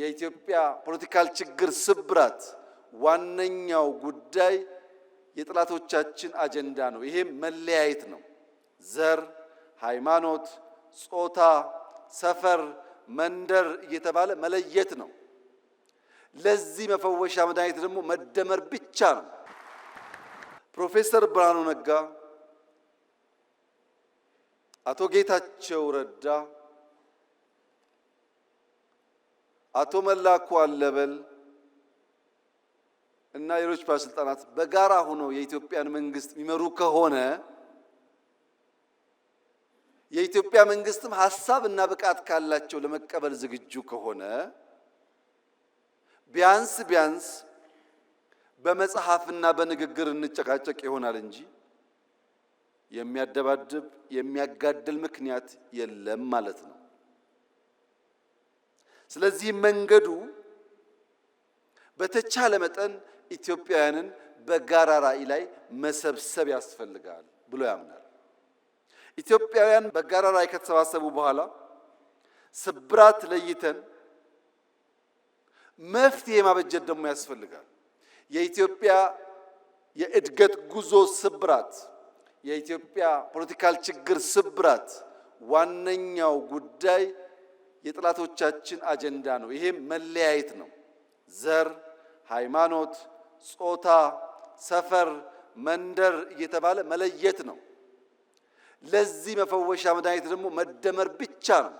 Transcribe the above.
የኢትዮጵያ ፖለቲካል ችግር ስብራት ዋነኛው ጉዳይ የጥላቶቻችን አጀንዳ ነው። ይሄም መለያየት ነው። ዘር፣ ሃይማኖት፣ ጾታ፣ ሰፈር፣ መንደር እየተባለ መለየት ነው። ለዚህ መፈወሻ መድኃኒት ደግሞ መደመር ብቻ ነው። ፕሮፌሰር ብርሃኑ ነጋ፣ አቶ ጌታቸው ረዳ አቶ መላኩ አለበል እና ሌሎች ባለስልጣናት በጋራ ሆኖ የኢትዮጵያን መንግስት የሚመሩ ከሆነ የኢትዮጵያ መንግስትም ሀሳብ እና ብቃት ካላቸው ለመቀበል ዝግጁ ከሆነ ቢያንስ ቢያንስ በመጽሐፍና በንግግር እንጨቃጨቅ ይሆናል እንጂ የሚያደባድብ የሚያጋድል ምክንያት የለም ማለት ነው። ስለዚህ መንገዱ በተቻለ መጠን ኢትዮጵያውያንን በጋራ ራዕይ ላይ መሰብሰብ ያስፈልጋል ብሎ ያምናል። ኢትዮጵያውያን በጋራ ራዕይ ከተሰባሰቡ በኋላ ስብራት ለይተን መፍትሄ ማበጀት ደግሞ ያስፈልጋል። የኢትዮጵያ የእድገት ጉዞ ስብራት፣ የኢትዮጵያ ፖለቲካል ችግር ስብራት ዋነኛው ጉዳይ የጥላቶቻችን አጀንዳ ነው። ይሄም መለያየት ነው። ዘር፣ ሃይማኖት፣ ጾታ፣ ሰፈር፣ መንደር እየተባለ መለየት ነው። ለዚህ መፈወሻ መድኃኒት ደግሞ መደመር ብቻ ነው።